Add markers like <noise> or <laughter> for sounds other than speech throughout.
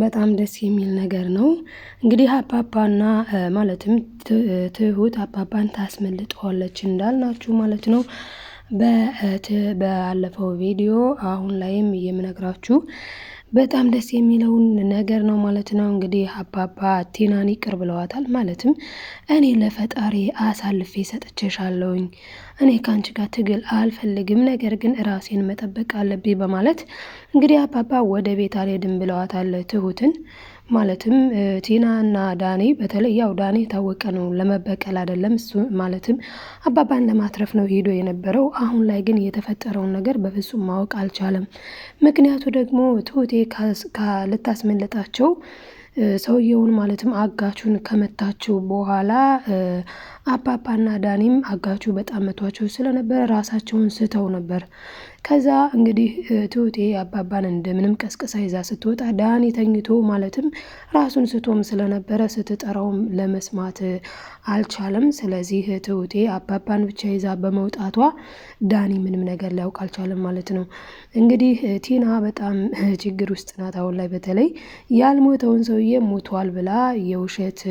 በጣም ደስ የሚል ነገር ነው። እንግዲህ አባባና ማለትም ትሁት አባባን ታስመልጠዋለች እንዳልናችሁ ማለት ነው። በአለፈው ቪዲዮ አሁን ላይም የምነግራችሁ በጣም ደስ የሚለውን ነገር ነው ማለት ነው። እንግዲህ አባባ ቲናን ይቅር ብለዋታል። ማለትም እኔ ለፈጣሪ አሳልፌ ሰጥቼሻለሁኝ፣ እኔ ከአንቺ ጋር ትግል አልፈልግም፣ ነገር ግን ራሴን መጠበቅ አለብኝ በማለት እንግዲህ አባባ ወደ ቤት አልሄድም ብለዋታል ትሁትን ማለትም ቲና እና ዳኔ በተለይ ያው ዳኔ የታወቀ ነው፣ ለመበቀል አይደለም እሱ ማለትም አባባን ለማትረፍ ነው ሄዶ የነበረው። አሁን ላይ ግን የተፈጠረውን ነገር በፍጹም ማወቅ አልቻለም። ምክንያቱ ደግሞ ትሁቴ ልታስመለጣቸው ሰውየውን ማለትም አጋቹን ከመታችው በኋላ አባባና ዳኔም አጋቹ በጣም መቷቸው ስለነበረ ራሳቸውን ስተው ነበር። ከዛ እንግዲህ ትሁቴ አባባን እንደምንም ቀስቅሳ ይዛ ስትወጣ ዳኒ ተኝቶ ማለትም ራሱን ስቶም ስለነበረ ስትጠራውም ለመስማት አልቻለም። ስለዚህ ትሁቴ አባባን ብቻ ይዛ በመውጣቷ ዳኒ ምንም ነገር ሊያውቅ አልቻለም ማለት ነው። እንግዲህ ቲና በጣም <clears throat> ችግር ውስጥ ናት አሁን ላይ በተለይ ያልሞተውን ሰውዬ ሞቷል ብላ የውሸት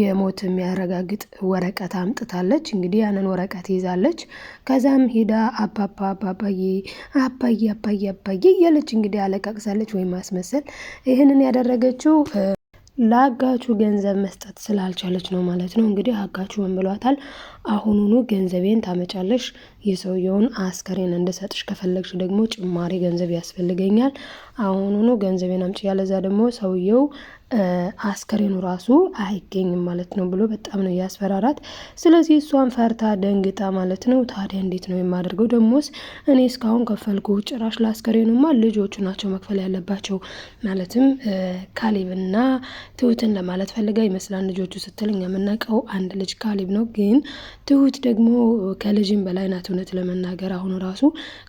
የሞት የሚያረጋግጥ ወረቀት አምጥታለች። እንግዲህ ያንን ወረቀት ይዛለች። ከዛም ሄዳ አባባ አባባዬ አባዬ አባዬ አባዬ እያለች እንግዲህ አለቃቅሳለች ወይም ማስመሰል። ይህንን ያደረገችው ለአጋቹ ገንዘብ መስጠት ስላልቻለች ነው ማለት ነው። እንግዲህ አጋቹ ምን ብሏታል? አሁኑኑ ገንዘቤን ታመጫለሽ የሰውየውን አስከሬን እንድሰጥሽ ከፈለግሽ ደግሞ ጭማሪ ገንዘብ ያስፈልገኛል፣ አሁኑኑ ገንዘቤን አምጪ፣ ያለዛ ደግሞ ሰውየው አስከሬኑ ራሱ አይገኝም ማለት ነው ብሎ በጣም ነው ያስፈራራት። ስለዚህ እሷን ፈርታ ደንግጣ ማለት ነው። ታዲያ እንዴት ነው የማደርገው? ደግሞስ እኔ እስካሁን ከፈልኩ፣ ጭራሽ ለአስከሬኑማ ልጆቹ ናቸው መክፈል ያለባቸው። ማለትም ካሌብና ትሁትን ለማለት ፈልጋ ይመስላል ልጆቹ ስትል፣ እኛ የምናውቀው አንድ ልጅ ካሌብ ነው፣ ግን ትሁት ደግሞ ከልጅም በላይ ናት። እውነት ለመናገር አሁን ራሱ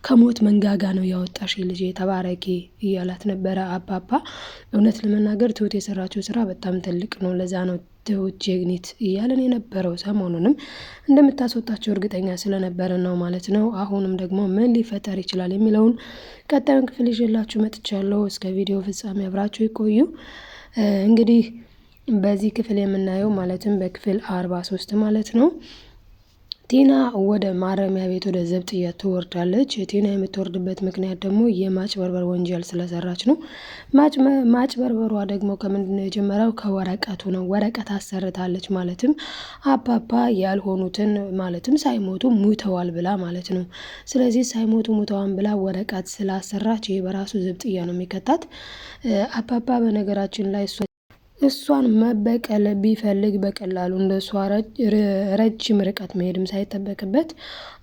ከሞት መንጋጋ ነው ያወጣሽ ልጅ ተባረኪ እያላት ነበረ አባባ። እውነት ለመናገር ትሁት የሰራችው ስራ በጣም ትልቅ ነው። ለዛ ነው ትሁት ጀግኒት እያለን የነበረው ሰሞኑንም እንደምታስወጣቸው እርግጠኛ ስለነበረ ነው ማለት ነው። አሁንም ደግሞ ምን ሊፈጠር ይችላል የሚለውን ቀጣዩን ክፍል ይዤላችሁ መጥቻለሁ። እስከ ቪዲዮ ፍጻሜ አብራችሁ ይቆዩ። እንግዲህ በዚህ ክፍል የምናየው ማለትም በክፍል አርባ ሶስት ማለት ነው ቲና ወደ ማረሚያ ቤት ወደ ዘብጥያ ትወርዳለች። ቲና የምትወርድበት ምክንያት ደግሞ የማጭበርበር ወንጀል ስለሰራች ነው። ማጭበርበሯ ደግሞ ከምንድን ነው የጀመረው? ከወረቀቱ ነው። ወረቀት አሰርታለች። ማለትም አባባ ያልሆኑትን ማለትም ሳይሞቱ ሙተዋል ብላ ማለት ነው። ስለዚህ ሳይሞቱ ሙተዋን ብላ ወረቀት ስላሰራች ይህ በራሱ ዘብጥያ ነው የሚከታት አባባ በነገራችን ላይ እሷን መበቀል ቢፈልግ በቀላሉ እንደ እሷ ረጅም ርቀት መሄድም ሳይጠበቅበት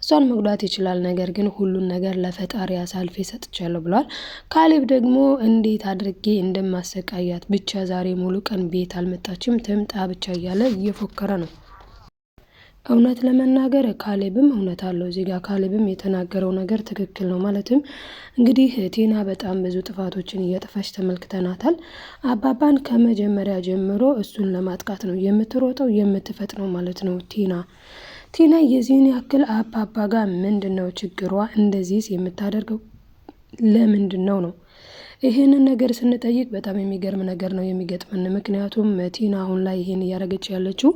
እሷን መጉዳት ይችላል። ነገር ግን ሁሉን ነገር ለፈጣሪ አሳልፌ ሰጥቻለሁ ብሏል። ካሌብ ደግሞ እንዴት አድርጌ እንደማሰቃያት ብቻ ዛሬ ሙሉ ቀን ቤት አልመጣችም፣ ትምጣ ብቻ እያለ እየፎከረ ነው። እውነት ለመናገር ካሌብም እውነት አለው እዚህ ጋር ካሌብም የተናገረው ነገር ትክክል ነው። ማለትም እንግዲህ ቴና በጣም ብዙ ጥፋቶችን እየጥፋች ተመልክተናታል። አባባን ከመጀመሪያ ጀምሮ እሱን ለማጥቃት ነው የምትሮጠው የምትፈጥነው ማለት ነው ቴና ቴና የዚህን ያክል አባባ ጋር ምንድን ነው ችግሯ? እንደዚህስ የምታደርገው ለምንድን ነው ነው ይህንን ነገር ስንጠይቅ በጣም የሚገርም ነገር ነው የሚገጥመን። ምክንያቱም ቲና አሁን ላይ ይህን እያደረገች ያለችው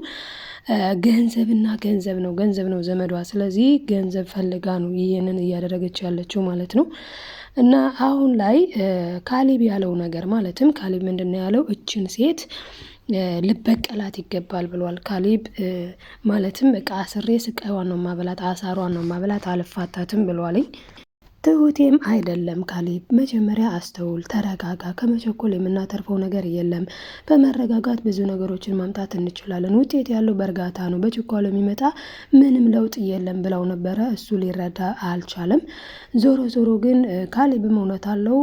ገንዘብና ገንዘብ ነው፣ ገንዘብ ነው ዘመዷ። ስለዚህ ገንዘብ ፈልጋ ነው ይህንን እያደረገች ያለችው ማለት ነው። እና አሁን ላይ ካሊብ ያለው ነገር ማለትም ካሊብ ምንድን ነው ያለው? እችን ሴት ልበቀላት ይገባል ብሏል ካሊብ። ማለትም በቃ አስሬ ስቃይዋን ነው ማበላት፣ አሳሯን ነው ማበላት፣ አልፋታትም ብሏልኝ። ትሁቴም አይደለም ካሌብ፣ መጀመሪያ አስተውል፣ ተረጋጋ። ከመቸኮል የምናተርፈው ነገር የለም። በመረጋጋት ብዙ ነገሮችን ማምጣት እንችላለን። ውጤት ያለው በእርጋታ ነው። በችኳሉ የሚመጣ ምንም ለውጥ የለም ብለው ነበረ። እሱ ሊረዳ አልቻለም። ዞሮ ዞሮ ግን ካሌብም እውነት አለው።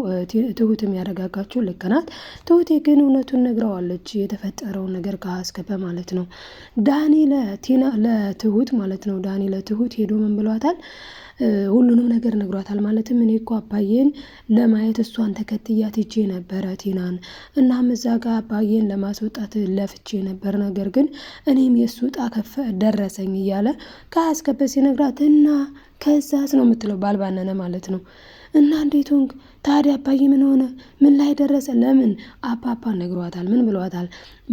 ትሁትም ያረጋጋችው ልክ ናት። ትሁቴ ግን እውነቱን ነግረዋለች፣ የተፈጠረውን ነገር ከአስከ ማለት ነው። ዳኒ ለቲና ለትሁት ማለት ነው። ዳኒ ለትሁት ሄዶ ምን ብሏታል? ሁሉንም ነገር ነግሯታል። ማለትም እኔ እኮ አባዬን ለማየት እሷን ተከትያ ትቼ ነበረ ቲናን። እናም እዛ ጋ አባዬን ለማስወጣት ለፍቼ ነበር፣ ነገር ግን እኔም የእሱ ዕጣ ከፈ ደረሰኝ እያለ ከአስከበስ ነግራት እና ከዛስ ነው የምትለው ባልባነነ ማለት ነው እና እንዴት ሆንክ ታዲያ አባዬ ምን ሆነ? ምን ላይ ደረሰ? ለምን አባባ ነግሯታል? ምን ብሏታል?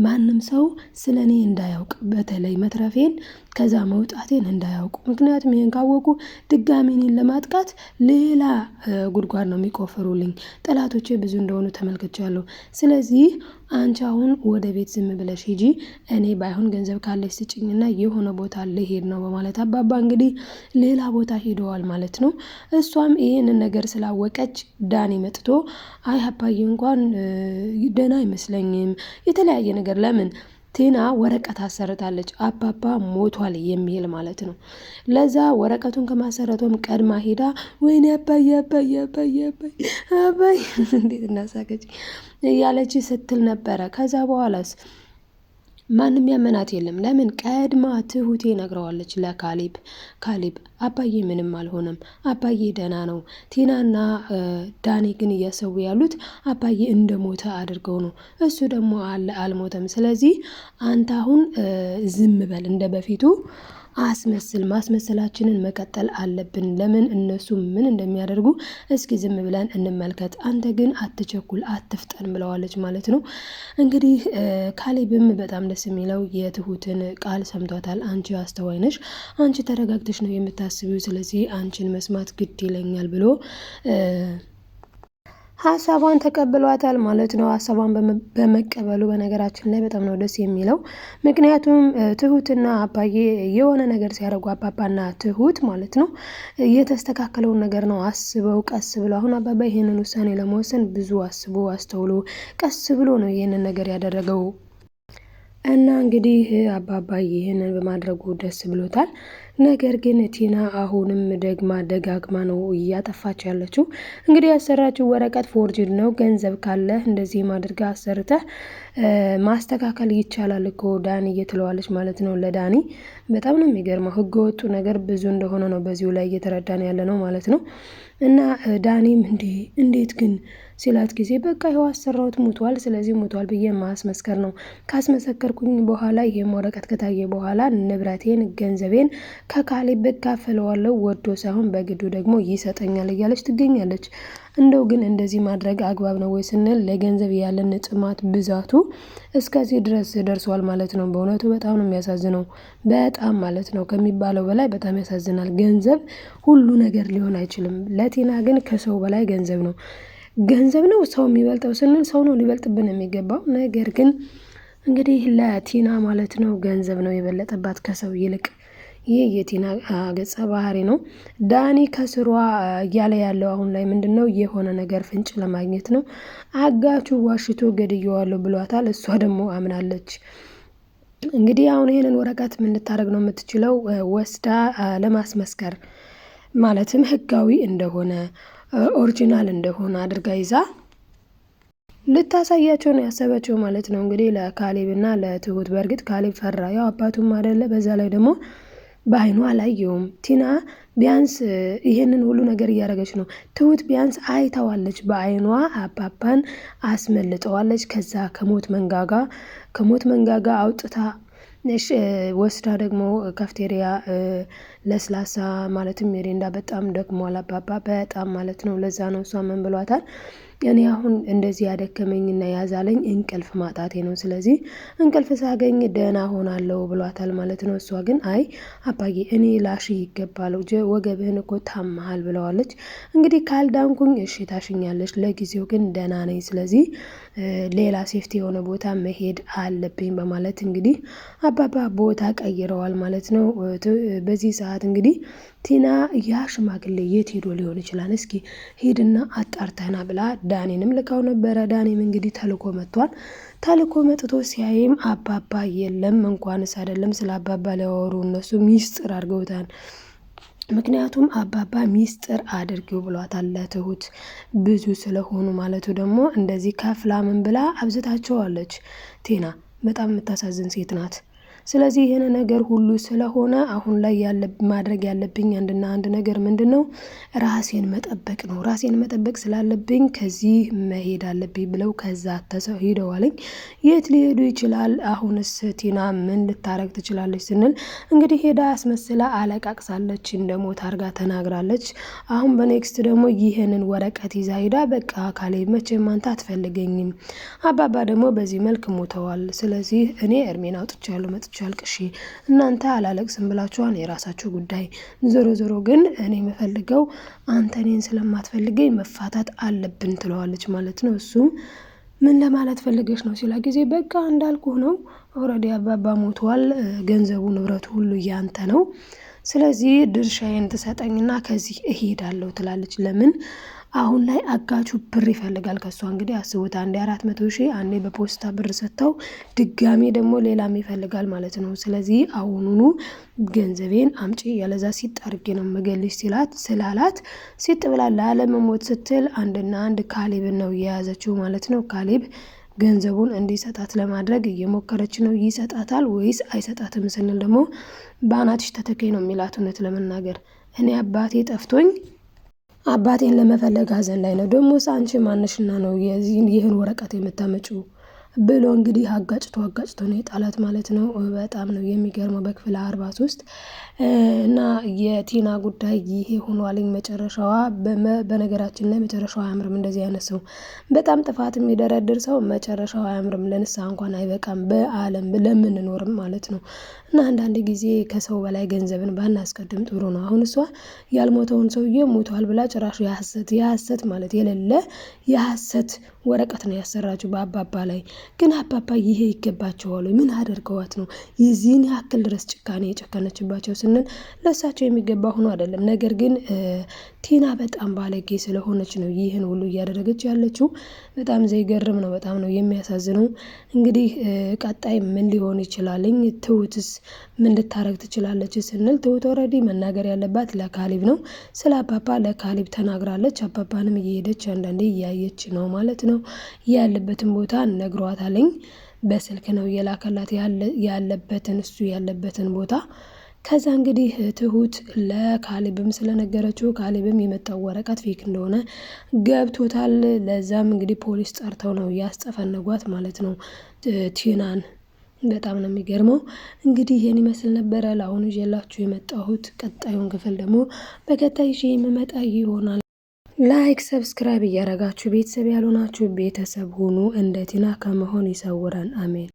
ማንም ሰው ስለ እኔ እንዳያውቅ፣ በተለይ መትረፌን ከዛ መውጣቴን እንዳያውቁ። ምክንያቱም ይህን ካወቁ ድጋሚ እኔን ለማጥቃት ሌላ ጉድጓድ ነው የሚቆፍሩልኝ። ጠላቶቼ ብዙ እንደሆኑ ተመልክቻለሁ። ስለዚህ አንቺ አሁን ወደ ቤት ዝም ብለሽ ሂጂ፣ እኔ ባይሆን ገንዘብ ካለች ስጭኝና የሆነ ቦታ ልሄድ ነው በማለት አባባ እንግዲህ ሌላ ቦታ ሄደዋል ማለት ነው። እሷም ይህንን ነገር ስላወቀች ዳኔ መጥቶ አይ አባዬ እንኳን ደህና አይመስለኝም የተለያየ ነገር ለምን ቴና ወረቀት አሰርታለች አባባ ሞቷል የሚል ማለት ነው። ለዛ ወረቀቱን ከማሰረቷም ቀድማ ሄዳ ወይኔ አባይ አባይ አባይ አባይ አባይ <laughs> እንዴት እናሳገጭ እያለች ስትል ነበረ። ከዛ በኋላስ ማንም ያመናት የለም። ለምን ቀድማ ትሁቴ ነግረዋለች ለካሊብ። ካሊብ አባዬ ምንም አልሆነም፣ አባዬ ደህና ነው። ቲናና ዳኔ ግን እያሰቡ ያሉት አባዬ እንደ ሞተ አድርገው ነው። እሱ ደግሞ አለ አልሞተም። ስለዚህ አንተ አሁን ዝም በል እንደ በፊቱ አስመስል ማስመሰላችንን መቀጠል አለብን። ለምን እነሱ ምን እንደሚያደርጉ እስኪ ዝም ብለን እንመልከት። አንተ ግን አትቸኩል፣ አትፍጠን ብለዋለች ማለት ነው። እንግዲህ ካሌብም በጣም ደስ የሚለው የትሁትን ቃል ሰምቷታል። አንቺ አስተዋይ ነሽ፣ አንቺ ተረጋግተሽ ነው የምታስቢው፣ ስለዚህ አንቺን መስማት ግድ ይለኛል ብሎ ሀሳቧን ተቀብሏታል ማለት ነው። ሀሳቧን በመቀበሉ በነገራችን ላይ በጣም ነው ደስ የሚለው። ምክንያቱም ትሁትና አባዬ የሆነ ነገር ሲያደርጉ አባባና ትሁት ማለት ነው የተስተካከለውን ነገር ነው አስበው ቀስ ብሎ አሁን አባባ ይህንን ውሳኔ ለመወሰን ብዙ አስቦ አስተውሎ ቀስ ብሎ ነው ይህንን ነገር ያደረገው እና እንግዲህ አባባ ይህንን በማድረጉ ደስ ብሎታል። ነገር ግን ቲና አሁንም ደግማ ደጋግማ ነው እያጠፋች ያለችው። እንግዲህ ያሰራችው ወረቀት ፎርጅድ ነው። ገንዘብ ካለ እንደዚህ ማድርጋ አሰርተህ ማስተካከል ይቻላል እኮ ዳኒ እየትለዋለች ማለት ነው። ለዳኒ በጣም ነው የሚገርመው። ህገወጡ ነገር ብዙ እንደሆነ ነው በዚሁ ላይ እየተረዳን ያለ ነው ማለት ነው። እና ዳኒም እንዴ እንዴት ግን ሲላት ጊዜ በቃ ይኸው አሰራሁት ሙቷል፣ ስለዚህ ሙቷል ብዬ ማስመስከር ነው። ካስመሰከርኩኝ በኋላ ይህም ወረቀት ከታየ በኋላ ንብረቴን ገንዘቤን ከካሌ እካፈለዋለሁ ወዶ ሳይሆን በግዱ ደግሞ ይሰጠኛል እያለች ትገኛለች። እንደው ግን እንደዚህ ማድረግ አግባብ ነው ወይ ስንል ለገንዘብ ያለን ጥማት ብዛቱ እስከዚህ ድረስ ደርሷል ማለት ነው። በእውነቱ በጣም ነው የሚያሳዝነው። በጣም ማለት ነው ከሚባለው በላይ በጣም ያሳዝናል። ገንዘብ ሁሉ ነገር ሊሆን አይችልም። ለቲና ግን ከሰው በላይ ገንዘብ ነው። ገንዘብ ነው ሰው የሚበልጠው ስንል ሰው ነው ሊበልጥብን የሚገባው። ነገር ግን እንግዲህ ለቲና ማለት ነው ገንዘብ ነው የበለጠባት ከሰው ይልቅ። ይህ የቲና ገጸ ባህሪ ነው። ዳኒ ከስሯ እያለ ያለው አሁን ላይ ምንድን ነው የሆነ ነገር ፍንጭ ለማግኘት ነው። አጋቹ ዋሽቶ ገድየዋለሁ ብሏታል። እሷ ደግሞ አምናለች። እንግዲህ አሁን ይህንን ወረቀት ምን ልታደርግ ነው የምትችለው? ወስዳ ለማስመስከር ማለትም ህጋዊ እንደሆነ ኦሪጂናል እንደሆነ አድርጋ ይዛ ልታሳያቸው ነው ያሰበችው ማለት ነው። እንግዲህ ለካሌብ እና ለትሁት በእርግጥ ካሌብ ፈራ፣ ያው አባቱም አይደለ። በዛ ላይ ደግሞ በአይኑ አላየውም። ቲና ቢያንስ ይህንን ሁሉ ነገር እያደረገች ነው። ትሁት ቢያንስ አይተዋለች፣ በአይኗ አባባን አስመልጠዋለች። ከዛ ከሞት መንጋጋ ከሞት መንጋጋ አውጥታ ወስዳ ደግሞ ካፍቴሪያ ለስላሳ ማለትም ሜሪንዳ በጣም ደክሟል አባባ በጣም ማለት ነው። ለዛ ነው እሷ ምን ብሏታል እኔ አሁን እንደዚህ ያደከመኝና ያዛለኝ እንቅልፍ ማጣቴ ነው። ስለዚህ እንቅልፍ ሳገኝ ደህና ሆናለሁ ብሏታል ማለት ነው። እሷ ግን አይ አባዬ እኔ ላሽህ ይገባል፣ ወገብህን እኮ ታመሃል ብለዋለች። እንግዲህ ካልዳንኩኝ እሺ ታሽኛለች፣ ለጊዜው ግን ደህና ነኝ። ስለዚህ ሌላ ሴፍቲ የሆነ ቦታ መሄድ አለብኝ በማለት እንግዲህ አባባ ቦታ ቀይረዋል ማለት ነው። በዚህ ሰዓት እንግዲህ ቲና ያ ሽማግሌ የት ሄዶ ሊሆን ይችላል? እስኪ ሄድና አጣርተና ብላ ዳኔንም ልካው ነበረ። ዳኔም እንግዲህ ተልኮ መጥቷል። ተልኮ መጥቶ ሲያይም አባባ የለም። እንኳንስ አይደለም ስለ አባባ ሊያወሩ እነሱ ሚስጥር አድርገውታል። ምክንያቱም አባባ ሚስጥር አድርጊው ብሏታል ለትሁት ብዙ ስለሆኑ ማለቱ ደግሞ እንደዚህ ከፍላምን ብላ አብዝታቸዋለች። ቴና በጣም የምታሳዝን ሴት ናት። ስለዚህ ይህን ነገር ሁሉ ስለሆነ አሁን ላይ ማድረግ ያለብኝ አንድና አንድ ነገር ምንድን ነው? ራሴን መጠበቅ ነው። ራሴን መጠበቅ ስላለብኝ ከዚህ መሄድ አለብኝ ብለው ከዛ ተሰው ሂደዋለኝ። የት ሊሄዱ ይችላል? አሁንስ ቲና ምን ልታረግ ትችላለች? ስንል እንግዲህ ሄዳ አስመስላ አለቃቅሳለች፣ እንደሞ ታርጋ ተናግራለች። አሁን በኔክስት ደግሞ ይህንን ወረቀት ይዛ ሄዳ በቃ አካሌ መቼ ማንታ አትፈልገኝም፣ አባባ ደግሞ በዚህ መልክ ሞተዋል። ስለዚህ እኔ እርሜን አውጥቻለሁ መጥቻ አልቅሻችሁ አልቅሼ እናንተ አላለቅስም ብላችኋን የራሳችሁ ጉዳይ። ዞሮ ዞሮ ግን እኔ የምፈልገው አንተ እኔን ስለማትፈልገኝ መፋታት አለብን ትለዋለች ማለት ነው። እሱም ምን ለማለት ፈልገሽ ነው ሲላ ጊዜ በቃ እንዳልኩ ነው። ኦልሬዲ አባባ ሞተዋል። ገንዘቡ ንብረቱ ሁሉ እያንተ ነው። ስለዚህ ድርሻዬን ትሰጠኝና ከዚህ እሄዳለሁ ትላለች። ለምን አሁን ላይ አጋቹ ብር ይፈልጋል ከሷ እንግዲህ አስቡት፣ አንዴ አራት መቶ ሺህ አንዴ በፖስታ ብር ሰጥተው ድጋሜ ደግሞ ሌላም ይፈልጋል ማለት ነው። ስለዚህ አሁኑኑ ገንዘቤን አምጪ ያለዛ ሲጥ አድርጌ ነው መገልሽ ሲላት ስላላት ሲጥ ብላ ላለመሞት ስትል አንድና አንድ ካሌብን ነው የያዘችው ማለት ነው ካሌብ ገንዘቡን እንዲሰጣት ለማድረግ እየሞከረች ነው። ይሰጣታል ወይስ አይሰጣትም ስንል ደግሞ በአናትሽ ተተኪ ነው የሚላት እውነት ለመናገር እኔ አባቴ ጠፍቶኝ አባቴን ለመፈለግ ሀዘን ላይ ነው። ደግሞ አንቺ ማነሽና ነው ይህን ወረቀት የምታመጪው ብሎ እንግዲህ አጋጭቶ አጋጭቶ ነው የጣላት ማለት ነው። በጣም ነው የሚገርመው በክፍል አርባ ሶስት እና የቲና ጉዳይ ይሄ ሆኗልኝ መጨረሻዋ። በነገራችን ላይ መጨረሻዋ አያምርም። እንደዚህ አይነት ሰው በጣም ጥፋት የሚደረድር ሰው መጨረሻዋ አያምርም። ለንስሐ እንኳን አይበቃም በዓለም ለምንኖርም ማለት ነው። እና አንዳንድ ጊዜ ከሰው በላይ ገንዘብን ባናስቀድም ጥሩ ነው። አሁን እሷ ያልሞተውን ሰውዬ ሞቷል ብላ ጭራሹ የሀሰት ማለት የሌለ የሀሰት ወረቀት ነው ያሰራችው በአባባ ላይ ግን አባባ ይሄ ይገባቸዋል ምን አደርገዋት ነው የዚህን ያክል ድረስ ጭካኔ የጨከነችባቸው ስንል ለእሳቸው የሚገባ ሆኖ አይደለም። ነገር ግን ቲና በጣም ባለጌ ስለሆነች ነው ይህን ሁሉ እያደረገች ያለችው። በጣም ዘይገርም ነው። በጣም ነው የሚያሳዝነው። እንግዲህ ቀጣይ ምን ሊሆን ይችላልኝ? ትሁትስ ምን ልታረግ ትችላለች ስንል ትሁት ኦልሬዲ መናገር ያለባት ለካሊብ ነው። ስለ አባባ ለካሊብ ተናግራለች። አባባንም እየሄደች አንዳንዴ እያየች ነው ማለት ነው። ያለበትን ቦታ ነግሯታለኝ። በስልክ ነው እየላከላት ያለበትን እሱ ያለበትን ቦታ ከዛ እንግዲህ ትሁት ለካሌብም ስለነገረችው ካሌብም የመጣው ወረቀት ፌክ እንደሆነ ገብቶታል። ለዛም እንግዲህ ፖሊስ ጠርተው ነው ያስጠፈነጓት ማለት ነው ቲናን። በጣም ነው የሚገርመው። እንግዲህ ይህን ይመስል ነበረ ለአሁኑ ይዤላችሁ የመጣሁት። ቀጣዩን ክፍል ደግሞ በቀጣይ ይዤ የምመጣ ይሆናል። ላይክ፣ ሰብስክራይብ እያረጋችሁ ቤተሰብ ያልሆናችሁ ቤተሰብ ሁኑ። እንደ ቲና ከመሆን ይሰውረን። አሜን።